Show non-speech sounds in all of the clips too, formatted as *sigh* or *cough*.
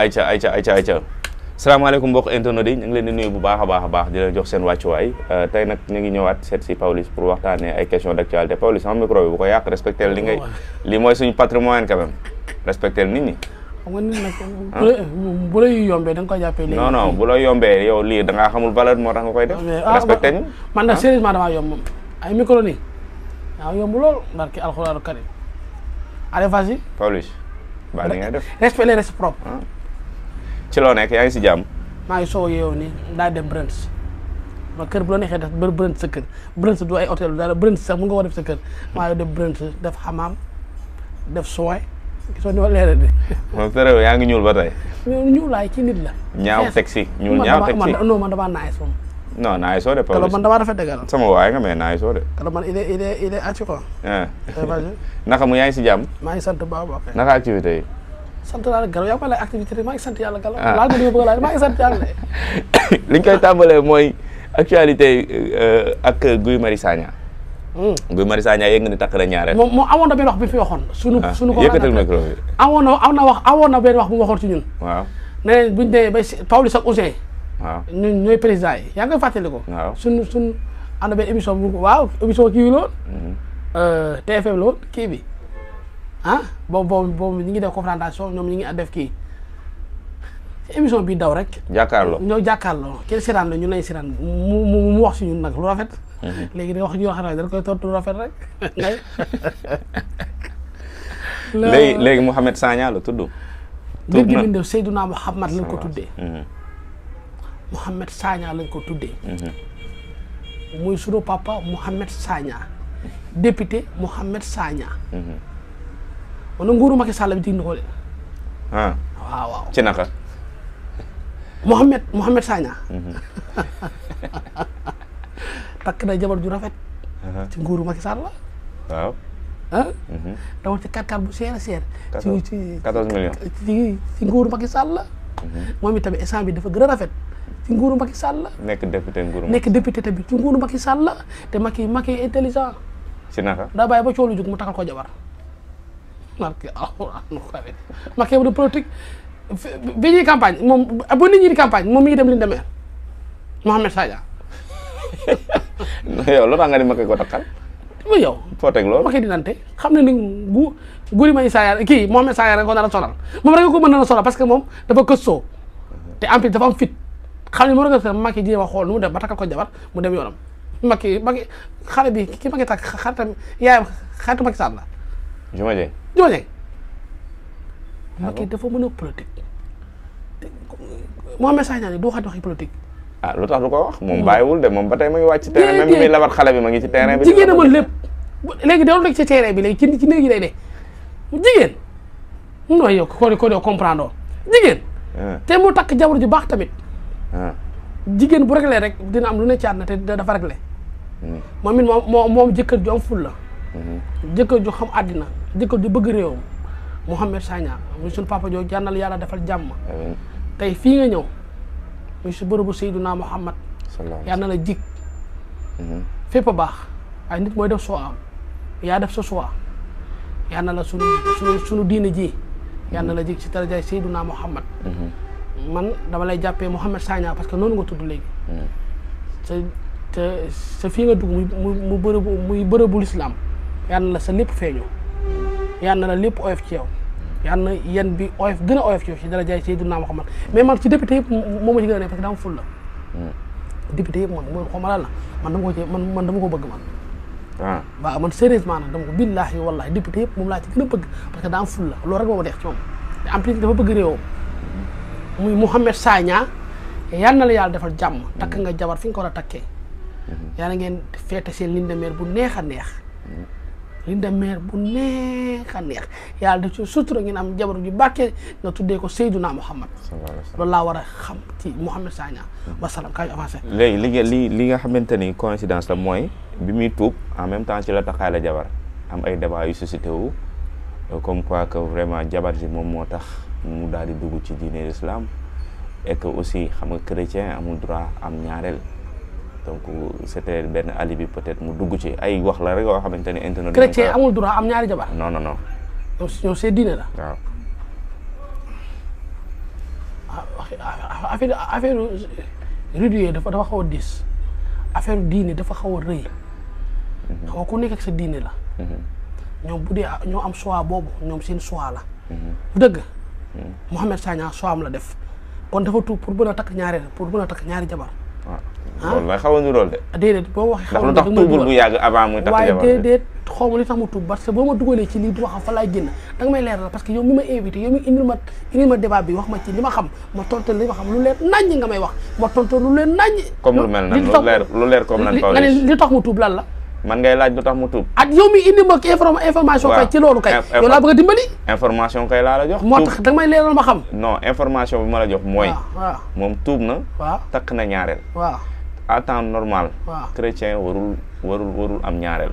ayca ayca ayca ayca salaamaaleykum mbokk internet yi ñu ngi leen di nuyu bu baax a baax a baax di leen jox seen wàccuwaay euh, tey nag ñu ngi ñëwaat seet si Pawlish pour waxtaanee ay question d'actualité Pawlish sama micro bi bu ko yàq respecté li ngay oh, li mooy suñu patrimoine quand même respecté nit ñi. xam *laughs* ah. bu lay yombee da koy jàppee. non non bu lay yombee yow lii da xamul valeur moo tax nga koy de ah, respecté ñu man nag ah. sérieusement damaa yomb moom ay micro nii daa yomb lool barki alxuraanu karim allez vas-y Pawlish baa li ngay def respect les ci loo nekk yaa ngi si jàmm. maa ngi soo yeewoo ni daal dem brunch ma kër bu la neexee def bër brunch sa kër brunch du ay hôtel dara brunch sax mun nga ko def sa kër maa ngi def brunch def xamaam def soin gisoo ni ma leeral de. moom sa réew yaa ngi ñuul ba tey. ñuulaay ci nit la. ñaaw teg si ñuul ñaaw teg si non man damaa naaj moom. non naaj soo de. Pawlish man damaa rafet dëgg la. sama waay nga mais naaj soo de. kala man il est il est ah. eh, *laughs* naka mu yaa ngi si jàmm. maa ngi sant bu baax naka activité yi. sant naa la Gallo yaa ngi koy laaj activité rek maa ngi sant yàlla Gallo. Ah. waaw laal ma li ma bëgg a laaj maa ngi sant yàlla. *coughs* li ñu koy tàmbalee mooy actualité euh, ak Guy Marius Sagna. Hmm. Guy Marius Sagna yëg nga ni takk na ñaareel. moom moom amoon na benn wax bi fi waxoon. suñu ah, suñu ko yëkkatal micro bi. amoon na am na wax amoon na benn wax bu mu waxoon ci ñun. waaw ne leen bu ñu demee ba Pawlish ak Ouzin. waaw ñun ñooy président yi yaa ngi koy fàttali ko. waaw suñu suñu am na benn émission bu waaw émission kii bi la woon. TFM mm-hmm. euh, la woon kii bi. ah boobu boobu boobu ñu ngi def ko confrontation ñoom ñu ngi def kii émission bii daw rek. jàkkaarloo ñoo jàkkaarlo kenn siraan la ñu lay siraan mu mu wax si ñun nag lu rafet. Mhm. léegi di wax ñoo wax ne dañ koy tontu lu rafet rek. *laughs* léegi léegi Mouhamed Sagna la tudd. tur bi ñu def Seydouna Mouhamed lañ ko tuddee. Mhm. Mouhamed Sagna lañ ko tuddee. Mhm. muy sunu papa Mouhamed Sagna député Mouhamed Sagna. wala nguuru Macky Sall bi dig na ko de. ah waaw waaw ci naka. Mohamed Mohamed mhm. *laughs* na jabar ju rafet. ci nguuru maki Sall la. waaw. ah. Mhm. dawal ci 4 bu seer a seer. 14 14 millions ci ci mhm. bi dafa gën a rafet. si nguuru Macky Sall nekk député nguuru nekk député ci nguuru Macky Sall la te Macky Macky intelligent. ci naka daa bàyyi ba coolu jug mu takkal ko jabar. barke *laughs* oh, alxuraanu ah, karim Macky du politique bi campagne moom bu nit ñi di campagne moom mi dem li ñu demee Mouhamed Sadia. *laughs* yow loolu nga ni Macky ko takkal. ba yow. foo teg loolu Macky dinante xam ne ni gu guri may Sadia kii Mouhamed Sadia rek ko nar a sonal moom rek ko mën na sonal parce que moom dafa këstoo te en plus dafa am fit xam ne moo rek a Macky jéem a xool nu mu dem ba takkal ko jabar mu dem yoonam Macky Macky xale bi ki Macky takk xaritam yaayam xaritu Macky Sall Juma Dieng Juma Dieng. Ah Macky dafa mën a politique. moo message naa ne du waxaat waxi politique. Ah, lu tax du ko wax. moom hmm. bàyyiwul de moom ba tey ma ngi ci terrain même bi muy labat xale bi ma ngi ci terrain bi. jigéen amul lépp léegi da rek ci terrain bi ci ci néeg yi lay ne jigéen. mun naa yokk koo ko doo comprendre ah. te mu takk jabar ju baax tamit. jigéen bu réglé rek dina am lu ne caat na te dafa réglé. Hmm. moom it moom moom jëkkër ju am ful la. jëkkër ju xam àddina jëkkër ju bëgg réewam Mouhamed Sagna muy suñu papa jooju yal na yàlla defal jàmm tey fii nga ñëw muy su bërëbu Seydunaa mu yal na la jig mhm. fépp a baax ay nit mooy def soo am yaa def sa soi yal na la sunu sunu sunu diine ji yal na la jig si darajaay Seydunaa Mouhamad mhm. man dama lay jàppee Mouhamed Sagna parce que noonu nga tudd léegi mhm. te te fii nga dugg mu bërëb bërëbu muy bërëbu yal na la sa lépp feeñu yal na la lépp oyof ci yow yal na yen bi oyof gën a oyof ci yow ci dara mais ma ci gën a ne parce que daa am hmm. man ma lan la man dama ko man man dama ko bëgg man ah. waaw man sérieusement nag dama ko billaahi wallaahi député yëpp moom laa ci gën a bëgg parce que daa am la loolu rek moo ma neex ci moom te en plus dafa bëgg réewam hmm. muy Mouhamed Sagna yal na la yàlla defal jàmm hmm. takk nga jabar fi nga ko war a takkee yàlla ngeen feete seen lune bu neex a neex li de mer bu neex a neex yàlla da ci sutura ngeen am jabar ju bàkkee nga tuddee ko Seyduna Muhammad loolu laa war a xam ci Mouhamed Sagna wasalaam kaa ñu avancé léegi li nga li nga xamante ni coïncidence la mooy bi muy tuub en même temps ci la taxaale jabar am ay débat yu suscité wu comme quoi que vraiment jabar ji moom moo tax mu daal di dugg ci diine l'islam et que aussi xam nga chrétien amul droit am ñaareel donc c'était benn alibi peut-être mu dugg ci ay wax la rek yoo xamante ne internet. chrétien amul droit am ñaari jabar. non non non. ñoom ñoom diine la. waaw. ah, ah, ah affaire affaire dafa dafa xaw a diis affaire diine dafa xaw a rëy. Mhm. ku nekk ak sa la. Mhm. ñoom bu dee ah, ñoo am choix boobu ñoom seen choix la. Mhm. bu dëgg. Mouhamed Sagna choix am la def kon dafa tuub pour mën a takk ñaari pour mën a takk ñaari jabar. ah loolu mooy xaw a niróol de. Ah, déedéet boo waxee xaw ma ndax lu tax tuubul bu yàgg avant xaw ma tax mu tuub parce que boo ma dugalee ci lii di wax fa laay génn danga may leeral parce que yow mi ma invité yow mi indil ma indil ma débat bi wax ma ci li ma xam ma tontu li ma xam lu leer naññ nga may wax ma tontu lu leer naññ. comme lu mel nan lu leer lu leer comme nan li tax mu tuub lan la. man ngay laaj lu tax mu tuub. ak yow mi indi ma information. kay ci loolu kay. yow laa bëgg a dimbali. information kay laa la jox. moo tax danga may leeral ma xam. non information bi ma la jox mooy. moom tuub na. waaw takk na ñaareel. waaw temps normal. chrétien warul warul warul am ñaareel.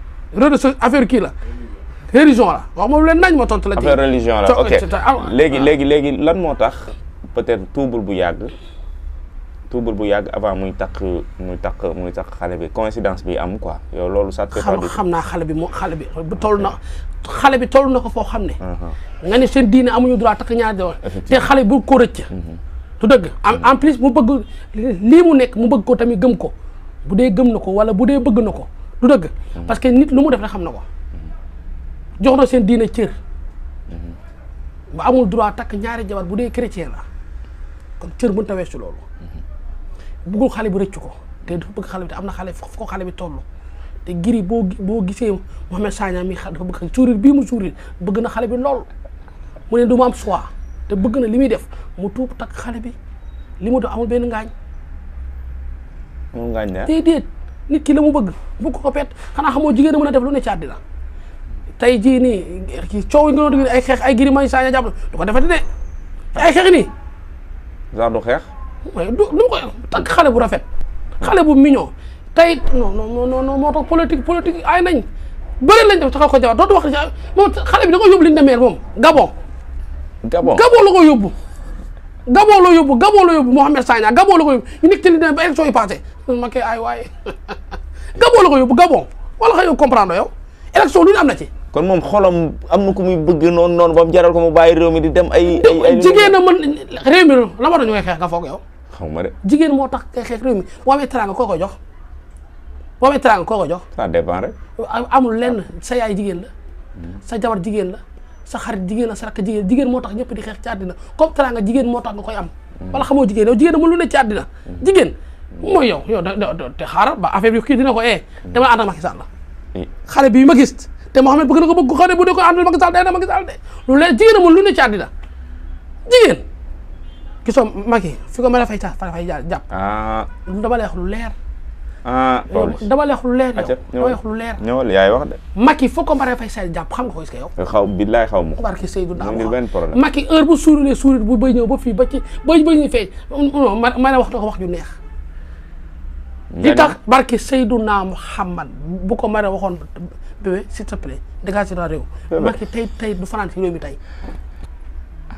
religion affaire kii la religion la wax moom leen nañ ma tontu la. affaire religion la ok ah, léegi léegi léegi lan moo tax peut-être tuubul bu yàgg tuubul bu yàgg avant muy takk muy takk muy takk xale bi coïncidence bi am quoi yow loolu. ça xam naa xale bi moo xale bi bu toll na xale bi toll na ko foo xam ne. Uh-huh. nga ne seen diine amuñu droit takk ñaar doon. te xale bu ko rëcc. tu mm-hmm. dëgg en plus mu bëgg lii mu nekk mu bëgg ko tamit gëm ko bu dee gëm na ko wala bu dee bëgg na ko. du dëgg mm-hmm. parce que nit lu mu def rek xam na ko mm-hmm. jox na seen diine cër mm-hmm. ba amul droit takk ñaari jabar bu dee chrétien la kon cër mënut a weesu loolu bëggul xale bi rëccu ko te dafa bëgg xale bi te am na xale fu xale bi toll te giri boo boo gisee Mouhamed Sagna mi dafa bëgg sourire bii mu suuri bëgg na xale bi lool mu ne du ma am choix te bëgg na li muy def mu tuub takk xale bi li mu amul benn ngaañ. amul ngaañ ah. déedéet. nit ki la mu bëgg bëgg ko pet xanaa xamoo jigéen a mën a def lu ne ci àddina tey jii nii coow yi nga doon ay xeex ay giri may saa ña jàpp du ko defati de ay xeex du xeex. waaye du du ko takk xale bu rafet. xale bu mignon tey non non non non moo tax politique politique ay nañ bëri lañ def taxaw ko jabar dootu wax moom xale bi da ko yóbbu liñ demee moom Gabon. Gabon Gabon la ko yóbbu. Gabon la yóbbu Gabon la yóbbu Mohamed Sagna Gabon la ko yóbbu ñu nekk ci li demee ba élection yi passé ma *laughs* ko yóbbu Gabon wala xëy yow yow élection lu am na ci. kon moom xolam am na ku muy bëgg noonu noonu ba mu jaral ko mu bàyyi réew mi di dem ay. mën réew mi la war nañu koy xeex nga foog yow. xaw ma jigéen moo tax kay xeex réew mi koo ko jox boo jox. ça dépend amul lenn sa yaay jigéen la. sa jabar jigéen la. sa xarit jigéen la sa rakk jigéen jigéen moo tax ñëpp di xeex ci àddina comme teraanga jigéen moo tax nga koy am mm. wala xamoo jigéen yow jigéen amul lu ne ci mm. jigéen mm. mooy yow te xaaral ba affaire bi kii dina ko ee eh, dama ànd ak Macky Sall la eh. xale bii ma gis te Mohamed bëgg na ko bëgg ko xaw ne bu dee ko àndal Macky Sall day na Macky Sall de lu lee jigéen amul lu ne ci àddina jigéen gisoo Macky fi ko ma dafay caa fa lu leer ah dama leex lu leer yow dama leex lu leer ñëwal yaay wax de Macky foo ko mbaree fay say jàpp xam nga ko est-ce yow xaw billaay xaw ma barki Seydou Daaw ngi benn problème Macky bu suurulee suurit bu bay ñëw ba fii ba ci ba ba ñu fee non ma ne wax na ko wax ju neex li tax barki Seydina Muhammad bu ko mbaree waxoon bébé s'il te plaît dégagé na tey tey du fanaan ci réew mi tey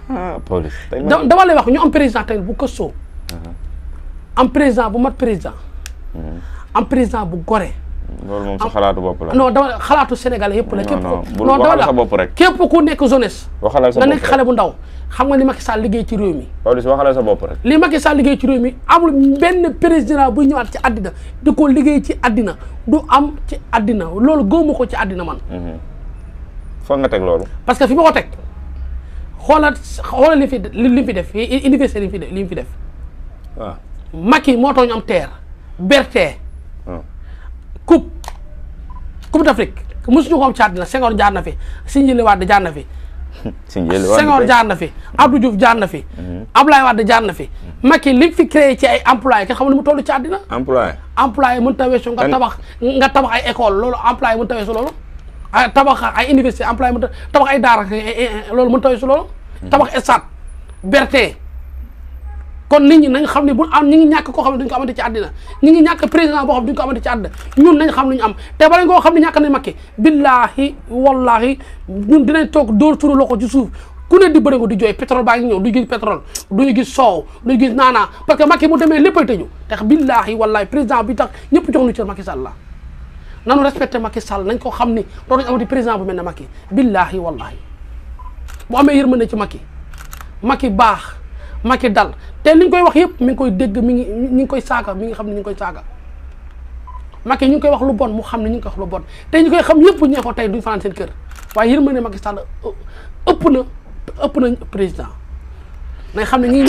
ah police wax ñu am président tey bu ko soo uh-huh. am président bu mat président Mm. am président bu gore. Mm, loolu moom sa xalaatu bopp la. non dama xalaatu Sénégal yëpp la. non non waxal sa bopp rek képp ku nekk jeunesse. waxalal nekk xale bu ndaw. xam nga li Macky Sall liggéey ci réew mi. Pawlish waxalal sa bopp rek. li Macky Sall liggéey ci réew mi amul benn président bu ñëwaat ci àddina di ko liggéey ci addina du am ci àddina loolu gëwuma ko ci àddina man. Mhm. foog nga teg loolu. parce que fi ma ko teg xoolal xoolal li fi li mu fi def université li mu fi def. waaw Macky moo tax ñu am terre. Berthe. coupe ah. coupe d'Afrique mosuñu ko am ci àddina Senghor jaar na fi Sindiély Wade jaar na fi. *laughs* Sindiély Wade Senghor jaar na fi Abdou Diouf jaar na fi. Mhm. Abdoulaye Wade jaar na fi. Macky li fi créé ci ay employé kenn xam ne mu toll ci àddina. employé employé mën ta weesu nga tabax nga tabax ay école loolu employé mën ta weesu loolu. ay ah, tabax ay université employé mën ay daara eh, eh, eh, loolu mën ta weesu loolu. Mhm. tabax stade Berthe. kon nit ñi nañ xam ne bu am ñi ngi ñàkk koo xam ne duñu ko amante ci àddina ñi ngi ñàkk président boo xam ne duñu ko amante ci àddina ñun nañ xam lu ñu am te bala nga koo xam ne ñàkk nañ makki billaahi wallaahi ñun dinañ toog dóor suñu loxo ci suuf ku ne di bërigo di jooy pétrole baa ngi ñëw duñu gis pétrole duñu gis soow duñu gis naanaa parce que Macky bu demee léppay tëju te billaahi wallaahi président bi tax ñëpp jox nu cër Macky Sall la nanu respecté Macky Sall nañ ko xam ni dootuñu amati président bu mel ne Macky billaahi wallaahi bu amee yërmande ci Macky Macky baax Macky dal te li ñu koy wax yëpp mi ngi koy dégg mi ngi ñi ngi koy saaga mi ngi xam ne ñu ngi koy saaga Macky ñu ngi koy wax lu bon mu xam ne ñu ngi koy wax lu bon te ñu koy xam yëpp ñee ko tey duñ fanaan seen kër waaye yërmande Macky Sall ëpp na ëpp na président nañ xam ne ñi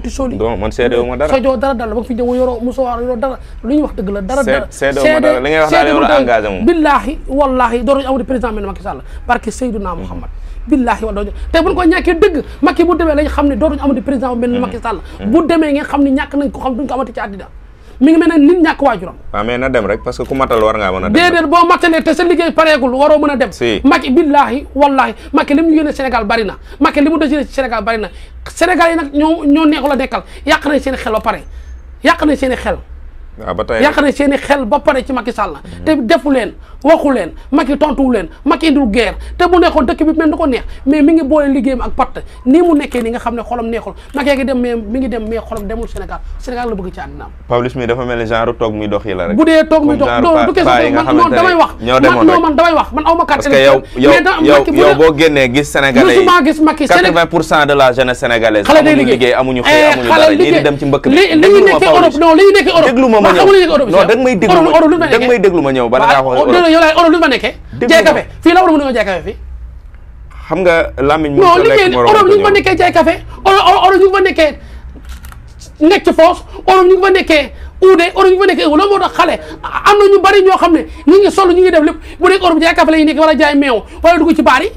ti sóoli donc dara sojoo dara fi ñëw yoroo musuwaar yoroo dara lu ñuy wax dëgg la dara dara seede wu ma dara li ngay wax daal yow la engagé Sall parce que Seydina Mouhamad billaahi wa dooj te buñ ko ñàkkee dëgg Macky bu demee lañ xam ne dootuñu amati président bu mel ni Macky Sall mm-hmm. bu demee ngeen xam ne ñàkk nañ ko xam duñ ko amati ci àddina mi ngi mel ne nit waajuram waaw ah, mais na dem rek parce que ku matal war ngaa mën a dem déedéet boo matalee te sa liggéey pareegul waroo mën a dem Macky billaahi wallaahi Macky li bari na Macky li mu na Sénégal yi nag ñoo ñoo neexu la nekkal yàq nañ seen xel ba pare yàq nañ seen xel waaw ah, ba xel ba pare ci Macky Sall. te defu leen waxu leen Macky tontuwu leen te mu nekkee ni nga xam ne xolam neexul Macky gi dem dem mais dox yi la rek. bu dee toog muy dox loolu du rek ma carte électorale. parce que yow boo génnee gis Sénégalais yi gis Macky pour cent de la jeunesse sénégalaise. xale day liggéey amuñu liggéey amuñu xëy eh, amuñu bi. li ñu nekkee Europe non li nekkee Europe ma ñëw non danga may déglu danga may déglu ma ñëw bala ngaa wax oro lu ma nekkee jaay café fii la oro mënu ma jaay café fii xam nga lamiñ mu non liggéey oro ñu ngi fa nekkee jaay café oro oro ñu ngi fa nekkee nekk ci foos oro ñu ngi fa nekkee uude oro ñu fa nekkee loolu moo tax xale am na ñu bari ñoo xam ne ñu ngi sol ñu ngi def lépp bu nekk oro bi jaay café la ñuy nekk wala jaay meew wala dugg ci baar yi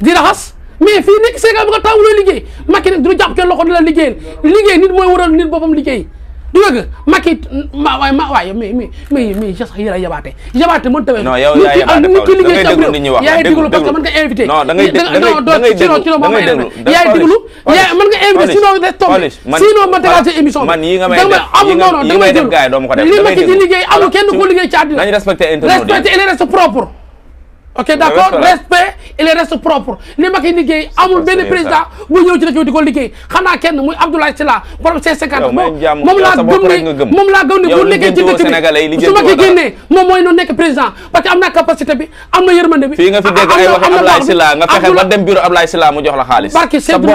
di raxas mais fii nekk Sénégal bu nga tàmbalee liggéey Macky nag du jàpp kenn loxo di la liggéeyal liggéey nit mooy waral nit boppam liggéey du dëgg Macky ma waaye ma waaye mais mais mais mais sax yi la yabaate yabaate moo demee. non ñi wax yaay déglu parce nga invité. non da ngay déglu da ngay déglu da ngay déglu yaay déglu yaay mën ma tegaat sa émission man yi nga ku liggéey ci àddina nañu respecté internet respecté ok d' accord respect il reste propre li ma koy liggéey amul benn président bu ñëw ci dëkk di ko liggéey xanaa kenn muy Abdoulaye Sylla borom C50 moom laa gëm ne moom laa gëm ne bu liggéey ci dëkk bi su ma koy génnee moom mooy noonu nekk président parce que am naa capacité bi am na yërmande bi fii nga fi dégg ay wax Abdoulaye Sylla nga fexe ba dem bureau Abdoulaye Sylla mu jox la xaalis sa bu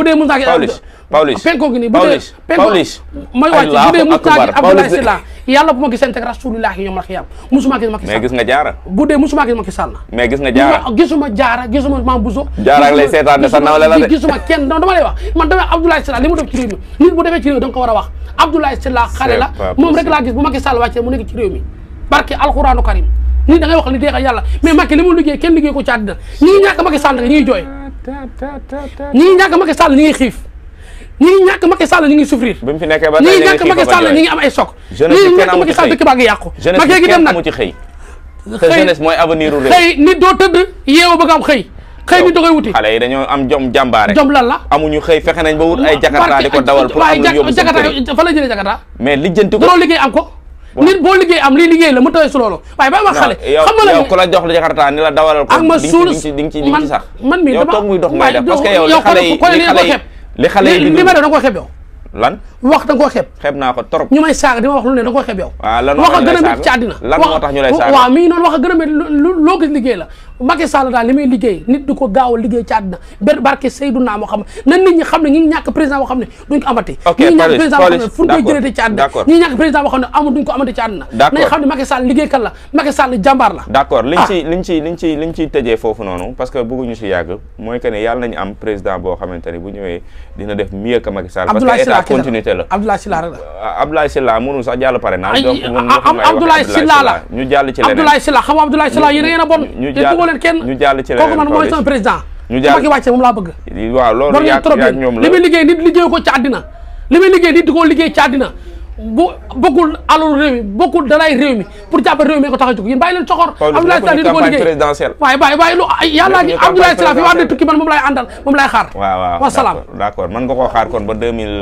dee Moussa Gueye Pawlish Pawlish Pawlish Pawlish may wàcc yàlla bu ma gisante ak rasulullahi yawmal qiyaam musuma gis Macky Sall mais gis nga jaara bu dee musuma gis Macky Sall gis nga jaara jaara gisuma seetaan de sa nawle la de gisuma kenn non dama wax man dama Abdoulaye Sylla ci a wax Abdoulaye la moom rek laa gis bu Macky Sall wàccee mu nekk ci réew mi barke alquranu karim nii da wax li deex a yàlla mais Macky li mu liggéey kenn liggéey ko ci àddina ñi ngi ñàkk Macky Sall ñi jooy ñi ngi ñàkk Macky Sall ñi ngi xiif ñi ngi ñàkk Macky Sall ñi ngi souffrir bi mu fi ba ñi ngi ñàkk Macky Sall ñi ngi am ay choc ñi ngi ñàkk Macky Sall dëkk baa gi dem nag xëy jeunesse mooy avenir nit doo tëdd yeewu ba nga am xëy nit da wut ay jakarta di ko dawal pour am lu yóbbu jakarta fa la jëlee jakarta mais lijjanti ko loo am ko nit boo liggéey am lii liggéey la mu tawee su loolu ba wax xale xam nga la yow jakarta ni la dawalal ko ak ci di ci sax man mii yow toog muy dox ngay def parce que yow xale li xale yi li ma def da nga ko xeeb yow. lan wax da nga ko xeeb. naa ko trop. ñu may saag di ma wax lu ne da nga ko xeeb yow. waaw lan tax ñu lay wax a gën a métti ci àddina. lan moo ngi noonu wax a gën a métti loo gis liggéey la Macky Sall daal li muy liggéey nit du ko gaaw liggéey ci àddina benn barke Seydouna moo xam na nit ñi xam ne ñi ngi président boo xam ne duñ ko amati ñi ngi ñu ko amati ci àddina nañ xam ne la Macky Sall jàmbaar la d'accord liñ ci liñ ci foofu noonu parce que bëgguñu si yàgg mooy que ne yàlla nañu am président boo xamante ne bu ñëwee dina def mieux que Macky Sall parce que la ñu jàll ci leneen Abdoulaye Silla xam Abdoulaye Silla woo leen kenn ñu jàll ci leneen kooku man mooy sama président ñu jàll Macky wàcce moom laa bëgg waaw loolu yaa ñoom la li muy liggéey nit liggéey ko ci àddina li muy liggéey nit di ko liggéey ci àddina bu bokkul alalu réew mi bokkul dalay réew mi pour jàppale réew mi ko tax a jóg yéen bàyyi leen soxor Abdoulaye Sylla di ko liggéey waaye bàyyi bàyyi lu yàlla gi Abdoulaye Sylla fi waa ne tukki man moom lay àndal moom lay xaar waaw waaw wasalaam d'accord man nga koo xaar kon ba deux mille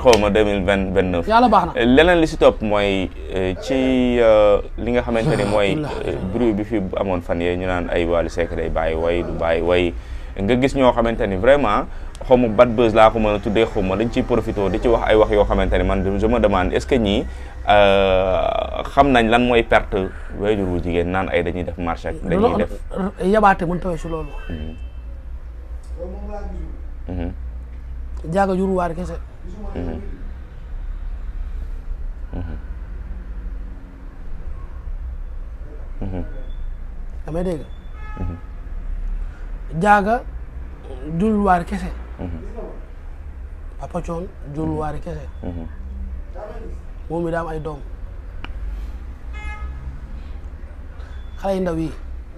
xaw ma deux mille vingt vingt neuf yàlla baax euh, leneen li si topp mooy euh, ci euh, li nga xamante ni ah, mooy bruit bi fi amoon fan yee ñu naan ay Wally Seck day bàyyi way du nga gis ñoo xamante ni vraiment xaw ma bad buzz laa ko mën a tuddee xaw ma dañ ciy profité di ci wax ay wax yoo xamante ne man je me demande est-ce que ñii euh, xam nañ lan mooy perte waajur wu naan ay dañuy def marché dañuy def yabaate mën tawee si loolu hmm. Hmm. Hmm. jaaga jur waar kese damay dégg waar kese Mm-hmm. papa coon jul mm-hmm. waari kese mm-hmm. moom mi daa am ay doom xale yu ndaw yi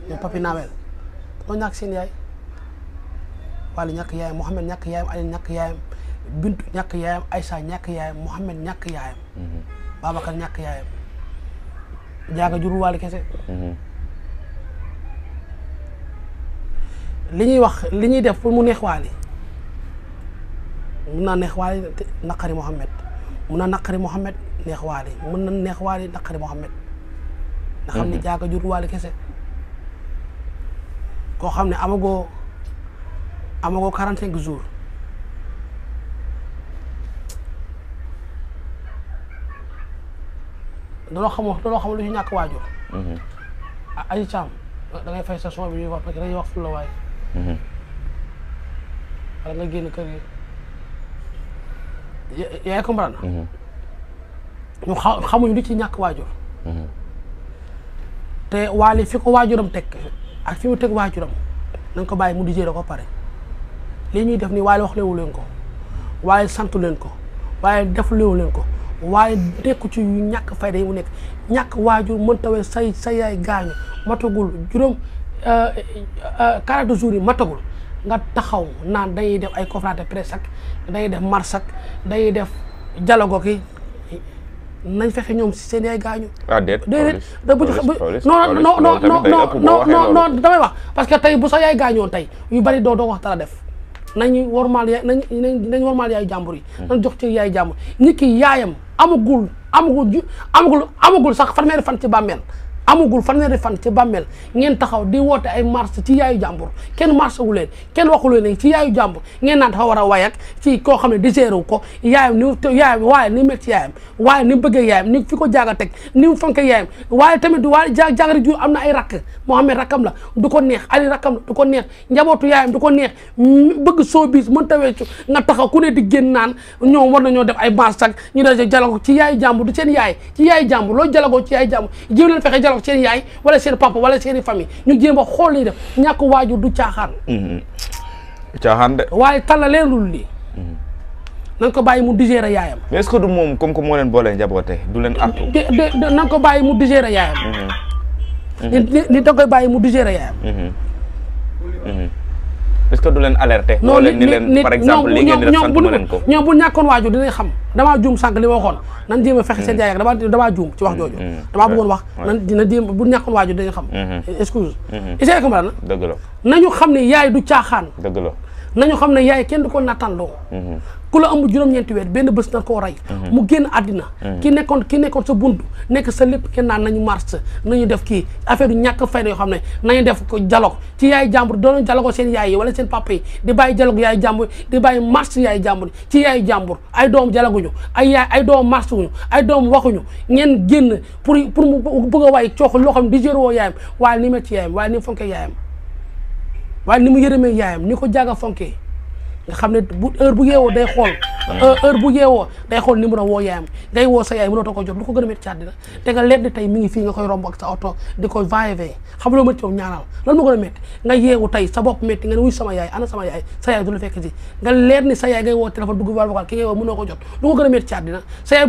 ñoom papi naawel moo ñàkk seen yaay Wally ñàkk yaayam Mouhamed ñàkk yaayam Aline ñàkk yaayam Bintu ñàkk yaayam Aïssa ñàkk yaayam Mouhamed ñàkk yaayam ñàkk yaayam jaaga jur Wally kese li ñuy wax li ñuy def pour mu neex Wally mun naa neex waali te naqari Mouhamed mun naa naqari Mouhamed neex waali mun na neex waali naqari Mouhamed nga xam ne mhm. jaaga jur waali kese koo xam ne amagoo amagoo quarante cinq jours daloo xamoo daloo xamoo lu ci ñàkk waajur ah mhm. Aji Thiam da ngay fay sa son bi ñuy wax parce que dañuy waay mhm. génn kër yaa comprendre ñu xa xamuñu li ci ñàkk waajur te waale fi ko waajuram teg ak fi mu teg waajuram nañ ko bàyyi mu di géré ko pare lii ñuy def nii waali wax lewu leen ko waaye santu leen ko waaye def lewu leen ko waaye nekku ci ñàkk fay yi mu nekk ñàkk waajur mën tawee say say yaay gaañu matagul juróom euh, euh, quarante jours yi matagul nga taxaw naan dañuy def ay conférence de presse ak dañuy def marche ak dañuy def dialogue ki nañ fexe ñoom si seen yaay gaañu. ah déet déedéet bu non non non non non non damay wax parce que tey bu sax yaay gaañoon tey yu bari doo doo wax dara def nañu warmaal yaay nañ nañ warmaal yaayu jàmbur yi. Hmm. nañ jox ci yaayu jàmbur nit ki yaayam amagul amagul ju amagul amagul sax fanweeri fan ci bàmmeel amagul fanweeri fan ci bàmmeel ngeen taxaw di woote ay marche ci yaayu jàmbur kenn marché wu leen kenn waxulu leen ci yaayu jàmbur ngeen naan dafa war a wayak ci koo xam ne di gérer ko yaayam ni yaayam waaye ni métti yaayam waaye ni bëggee yaayam ni fi ko jaaga teg ni mu fonke waaye tamit waaye ja ju am na ay rakk Mohamed rakkam la du ko neex Ali rakkam la du ko neex njabootu yaayam du ko neex bëgg soo biis mën taweecu nga taxaw ku ne di génn naan ñoom war na ñoo def ay marche ak ñu dee jalago ci yaayu jàmbur du seen yaay ci yaayu jàmbur loolu jalagoo ci yaayu jàmbur jiw leen fexe jalago maam seen yaay wala seen papa wala seen i ñu jéem a xool li def ñàkk waajur du caaxaan. Mm-hmm. du caaxaan de. waaye talla leen lul lii. Mm-hmm. nan ko bàyyi mu digérer yaayam. mais est du moom comme que moo leen boolee njaboote du leen a de ko bàyyi mu digérer yaayam. Mm-hmm. ni da bàyyi mu digérer yaayam. parce que du leen alerter. non nit nit par exemple li ngeen di def sant ma ñoom bu ñàkkoon waajur dinañ xam damaa juum sànq ma waxoon nan jéem a fexe seen jaay mm. ak damaa damaa juum ci wax jooju mm. Mm. damaa bëggoon wax nan dina bu ñàkkoon waajur dinañ xam mm-hmm. excuse est-ce que na dëgg xam ne yaay du caaxaan dëgg la nañu xam ne yaay kenn du ko nattanloo mhm. ku la ëmb juróom-ñeenti weer benn bés na koo rey mhm. mu génn àddina mhm. ki nekkoon ki nekkoon sa bunt nekk sa lépp kenn naan nañu marche nañu def kii affaire yu ñàkk fayda yoo xam ne nañu def ko dialogue ci yaay jàmbur doon dialogue seen yaay yi wala seen papa di bàyyi dialogue yaay jàmbur di bàyyi marche yaay jàmbur ci yaay jàmbur ay doom dialoguñu ay yaay ay doom marche wuñu ay doom waxuñu ñeen génn pour pour mu bëgg a waay coox loo di jër woo yaayam waaye ni met ci yaayam waaye ni mu yaayam waaye ni mu yërëmee yaayam ni ko jaaga fonkee nga xam ne bu heure bu yeewoo day xool heure bu yeewoo day xool numéro woo yaayam ngay woo sa yaay mënatoo a métti ci àddina te nga ko a métti jot lu ko gën a métti ci àddina sa yaay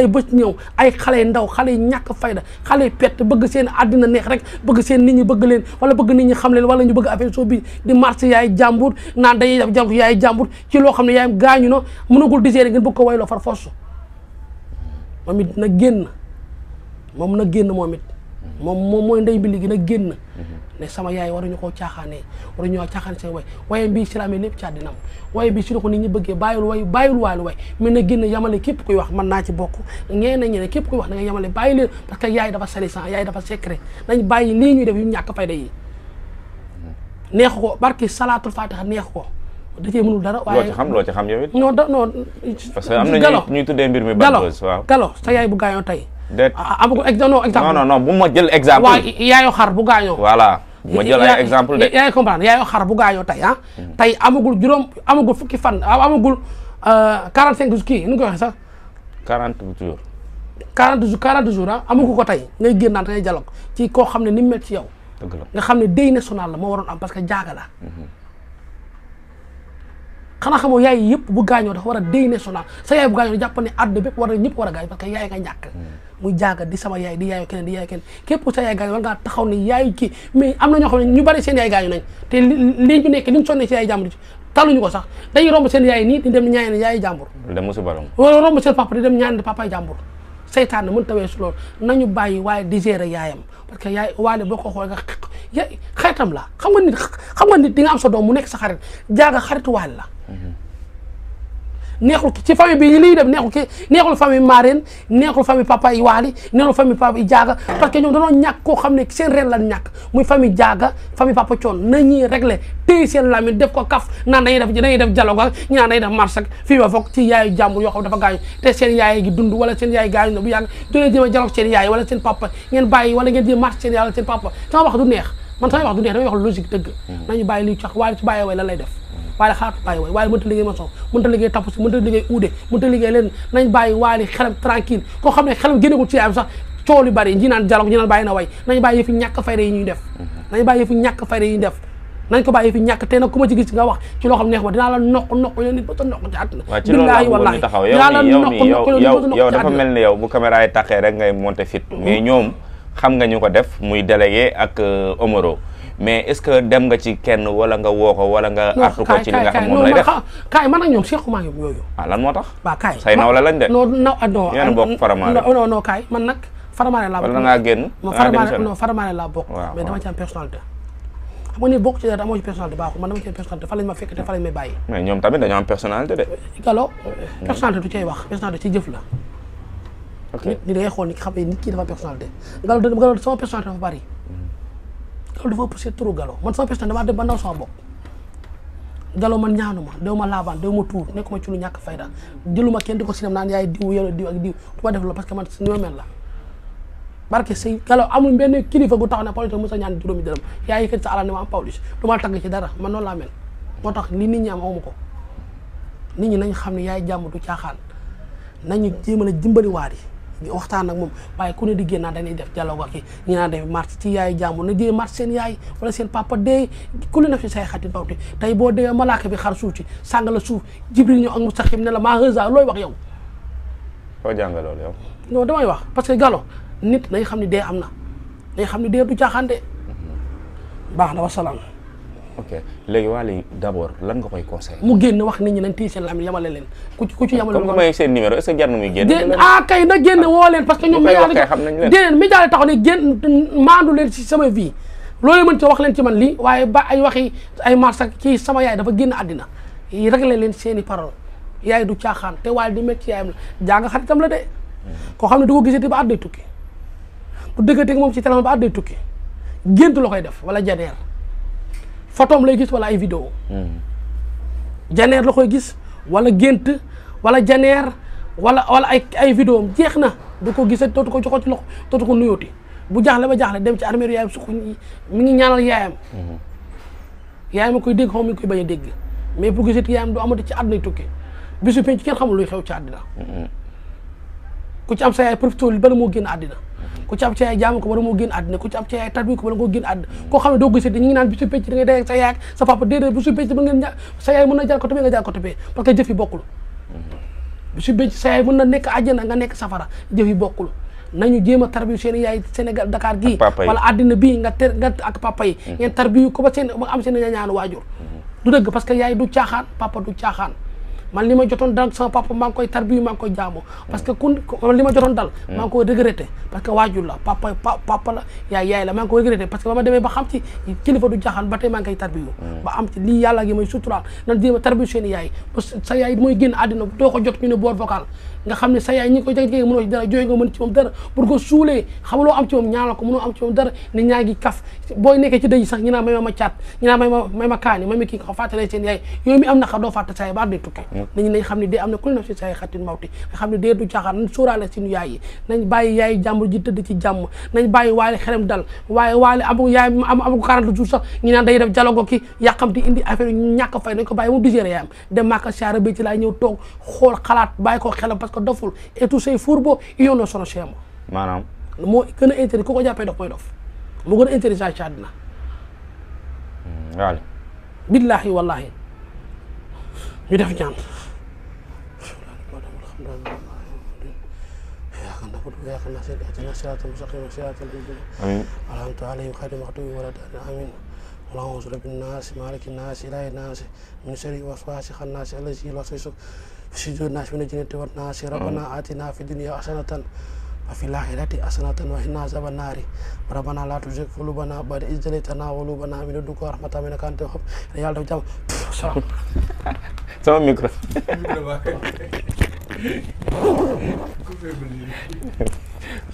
ci mm. ñëw ay xale ndaw xale ñàkk fayda xale pett bëgg seen àddina neex rek bëgg seen nit ñi bëgg leen wala bëgg nit ñi leen wala ñu bëgg affaire soo bi di marché yaay jàmbur naan dañuy def jànku yaay jàmbur ci loo xam ne yaayam gaañu na mënagul digérer ngeen bëgg ko wayloo far force moom it na génn moom na génn moom it moom moom mooy ndey mbi gi na génn ne sama yaay waruñu koo caaxaanee waruñu koo caaxaan seen way waye mbii si la amee lépp caa bi si ko nit ñi bëggee bàyyul way bàyyul waalu way mais na génn yamale képp kuy wax man naa ci bokk ñeneen ñeneen képp kuy wax na nga yamale bàyyi leen parce yaay dafa sali yaay dafa secret nañ bàyyi lii ñuy def yu ñàkk fayda day neexu ko barki salaatul fatiha neexu ko da cee mënul dara. waaye loo ci xam loo ci xam yow it. non da non. am na ñuy ñuy tuddee mbir mi. ban bës waaw galo sa yaay bu gaañoo tey. déet ah, ah, amagul exemple non non non bu ma jël exemple. waaw yaayoo bu gaañoo. voilà bu ma exemple de. yaa bu gaañoo tey ah. Hmm. tey amagul juróom amagul fukki fan ah, amagul 45 euh, kii nu ñu koy waxee sax. 40 jours. 40 jours 40 jours ah ko tey ngay génnaat ngay dialogue ci koo xam ne ni mu mel ci yow. nga xam ne deuil national la moo waroon am parce que jaaga la mhm. xanaa yaay yëpp bu gaañoo dafa war a deuil national sa yaay bu gaañoo jàpp ne àdduna bépp war a ñëpp war a gaañ parce yaay nga ñàkk mhm. muy jaaga di sama yaay di yaayu keneen képp sa yaay gaañoo war taxaw ne yaay kii mais am na ñoo xam ne ñu bari seen yaay gaañu nañ te li ñu nekk li ñu sonnee si yaay jàmbur taluñu ko sax dañuy romb seen yaay nii di dem ñaan yaay jàmbur wala romb seen papa di dem ñaan di papa jàmbur seytaan na mënut a weesu loolu nañu bàyyi waaye di gérer yaayam parce que yaay waale boo ko xool nga xeetam la xam nga nit xam nga nit di nga am sa doom mu nekk sa xarit jaaga xaritu waale la mhm. neexul ci famille bi ñu liy dem neexul ki neexul famille marraine neexul famille papa yi waali neexul famille papa jaaga parce que ñoom danoo ñàkk koo xam ne seen reen lan ñàkk muy famille jaaga famille papa coon nañuy régler téye def ko kaf naan dañuy def dañuy def dialogue ak ñu naan fii ba foog ci yaayu jàmbur yoo xam dafa gaañu te seen yaay gi dund wala seen yaay gaañu na bu yàgg dolee jéem a seen yaay wala seen papa ngeen bàyyi wala ngeen jéem marche seen yaay wala seen papa sama wax du neex man sama wax du neex damay wax logique dëgg mm-hmm. lay def waali xalaatu bàyyi waay waali mënta liggéey maçon mënta liggéey tapp si mënta liggéey uude mënta liggéey leen nañ bàyyi waali xelam tranquille koo xam ne xelam génnekul ci yaayam sax cool yu bari ñi naan dialogue ñi naan bàyyi na way nañ bàyyi yëfi ñàkk fayda yi ñuy def nañ bàyyi yëfi ñàkk fayda yi ñuy def nañ ko bàyyi fi ñàkk te nag ku ma ci gis nga wax ci loo xam neex ma dinaa la noq noq leen nit ba sa noq ci àdduna billaahi wallaahi dinaa la noq noq leen nit ba sa noq ci àdduna yow dafa mel ni yow bu caméra yi taxee rek ngay monter fit mm-hmm. mais ñoom xam nga ñu ko def muy délégué ak euh, Omaro mais est-ce que dem nga ci kenn wala nga woo ko wala nga. artu ko ci li nga xam ah, man ak ñoom ah, moo tax. waaw kaay say nawle lañ de. non ah, a bokk faramaare. non non kaay man nag faramaare laa bokk. wala ngaa génn non faramaare laa bokk. mais dama ci am personnalité. xam nga ni bokk ci dara amoo ci baaxul man dama ci am fa lañ ma fekk te fa lañ may bàyyi. mais ñoom tamit dañoo am personnalité de. galo mm. personnalité du cay wax personnalité ci jëf la. ok nit ñi xool xam nit ki dafa am personnalité galo sama personnalité dafa bari loolu dafa poussé turu Gallo man sama personnalité damaa dem ba ndaw sama bopp Gallo man ñaanu ma dew ma laabaan dew ma tuur nekkuma ci lu ñàkk fayda jëluma kenn di ko si dem naan yaay diw yore diw ak diw du def loolu parce que man su ñu mel la barke si Gallo amul benn kilifa gu tax ne Pawlish mos a ñaan juróomi dërëm yaa yëkkati sa alal ne ma am Pawlish dara man noonu laa mel moo tax li nit ñi am amu ko nit ñi nañ xam ne yaay jàmm du caaxaan nañu jéem a dimbali waar yi di waxtaan ak moom waaye ku ne di génn dañuy def dialogue ak ñi naan def marche ci yaay jàmbur na jéem marche seen yaay wala seen papa dee ku ne na fi say xati bawte tey boo dee malaaka bi xar suuf ci sàng la suuf jibril ñëw ak mustaxim ne la maa heusa looy wax yow koo jàngal loolu yow non damay wax parce que galo nit nañ xam ne dee am na nay xam ne dee du caaxaan de mhm. baax na wasalaam ok léegi Wally d'abord lan nga koy conseil mu génn wax nit ñi nañ téye seen làmmiñ yamale leen ku ci ku ci yamale comme nga may seen numéro est-ce que jar na muy génn ah kay na génn ah. woo leen parce ñoom déedéet mi daal maandu leen ci sama vie loolu mën ci wax leen ci man lii waaye ba ay waxi ay mars ak sama yaay dafa génn àddina réglé leen seeni i parole yaay du caaxaan te Wally di métti yaayam la jaa nga xaritam la de koo xam ne du ko gisati ba at day tukki du dëggateeg moom ci téléphone ba at day tukki gént la koy def wala janeer photom lay gis wala ay vidéo hmm. janeer la koy gis walla gént wala janeer wala wala ay ay vidéo jeex na du ko gisati dootu ko joxo ci loxo ko nuyooti bu jaaxle ba jaaxle dem ci armeeru yaayam suq mi ngi ñaanal yaayam hmm. yaayam a koy dégg xaw mi ngi koy bañ a dégg mais pour gisati yaayam du amati ci àdduna tukki bisu penc kenn xamul luy xew ci àddina hmm. ku ci am sa yaay profité li moo génn àddina ku ci am ci ay jaamu ko bala moo génn àddina ku ci am ci ay tatwi ko bala moo génn àddina koo xam ne doo gisee ñu sa yaay sa papa déedéet na jaar côté bee nga jaar côté bee parce que bi mm-hmm. su pecc sa yaay mën na nekk àjjana nga nekk safara jëf yi bokkul nañu jéem a tarbiyu seen yaay Sénégal Dakar gii wala àddina bii nga ter mm-hmm. ngeen tarbiyu ko ba seen ba am seen waajur mm-hmm. du dëgg parce yaay du caaxaan papa du caaxaan man li ma jotoon dal sama papa maa ngi koy tarbiyu maa ngi koy jaamu parce que kun li ma jotoon dal hmm. maa koy regretté parce que waajur la papa yaay yaay la maa ngi koy regretté parce que ba ma demee ba xam ci kilifa du jaaxaan ba tey maa koy tarbiyu hmm. ba am ci lii yàlla gi may suturaal nan di ma tarbiyu seen yaay sa yaay mooy génn àddina doo ko jot ñu ne boor vocal nga xam ne sa yaay ñi ngi koy jege mënoo ci dara jooy nga mën ci moom dara pour ko suulee xamuloo am ci moom ñaanal ko mënoo am ci moom dara ni ñaa ngi kaf booy nekkee ci dëj sax ñu naan may ma ma caat ñu naan may ma may ma kaani may ma kii nga xam fàttale seen yaay yooyu mi am na xam doo fàtte sa yaay ba day tukki mm. nañ nañ xam ne dee am na ku ne si sa yaay xatin mawti nga xam ne dee du caaxaan nañ sóoraale suñu yaay yi nañ bàyyi yaay jàmbur ji tëdd ci jàmm nañ bàyyi waale xerem dal waaye waale amu yaay am amu 40 jours sax ñu naan day def dialogue ki yàqamti indi affaire ñàkk fay nañ ko bàyyi mu digéré yaayam dem maaka saara bi ci laa ñëw toog xool xalaat bàyyi ko xelam parce que doful et tous ces fourbes ils en sont chez moi. maanaam. moo gën a intérêt ku ko jàppee dof mooy dof moo gën a intérêt saa ci àddina. waaw. billaahi wallaahi ñu def ñaan. amiin. والعوذ برب الناس مالك الناس إله الناس من شر وسواس الناس الذي يوسوس في صدور الناس من الجنة والناس ربنا آتنا في الدنيا حسنة وفي الآخرة حسنة وقنا عذاب النار ربنا لا تزغ قلوبنا بعد إذ هديتنا وهب لنا من لدنك رحمة إنك أنت الوهاب Yàlla def jàmm sama micro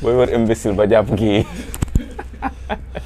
booy war imbécile ba jàpp kii